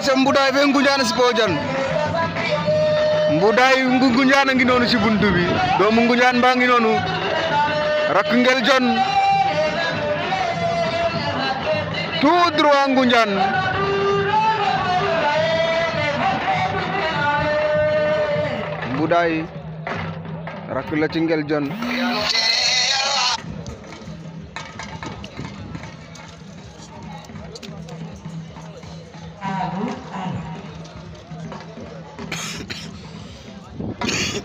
attention mbudaay fee Ngunjaan si Poojan mbudaay Ngunjaan ngi si buntu bi Do Ngunjaan bangi nonu. noonu rakk ngel jon tout droit Ngunjaan mbudaay la ci ngel jon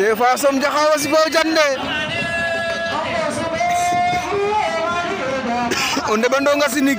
sefa som jaxawa sibaw jande sinig